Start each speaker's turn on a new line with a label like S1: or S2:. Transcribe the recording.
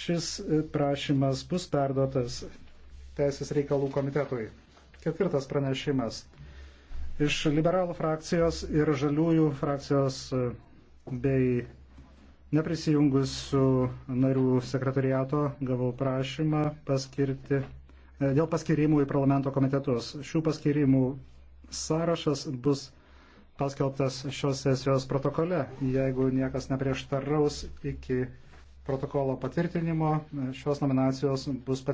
S1: Šis e, prašymas bus perduotas Teisės reikalų komitetui. Ketvirtas pranešimas. Iš liberalų frakcijos ir žaliųjų frakcijos e, bei neprisijungusių narių sekretariato gavau prašymą paskirti e, dėl paskirimų į parlamento komitetus. Šių paskirimų sąrašas bus paskelbtas šios sesijos protokole, jeigu niekas neprieštaraus iki protokolo patvirtinimo šios nominacijos bus patvirtintos.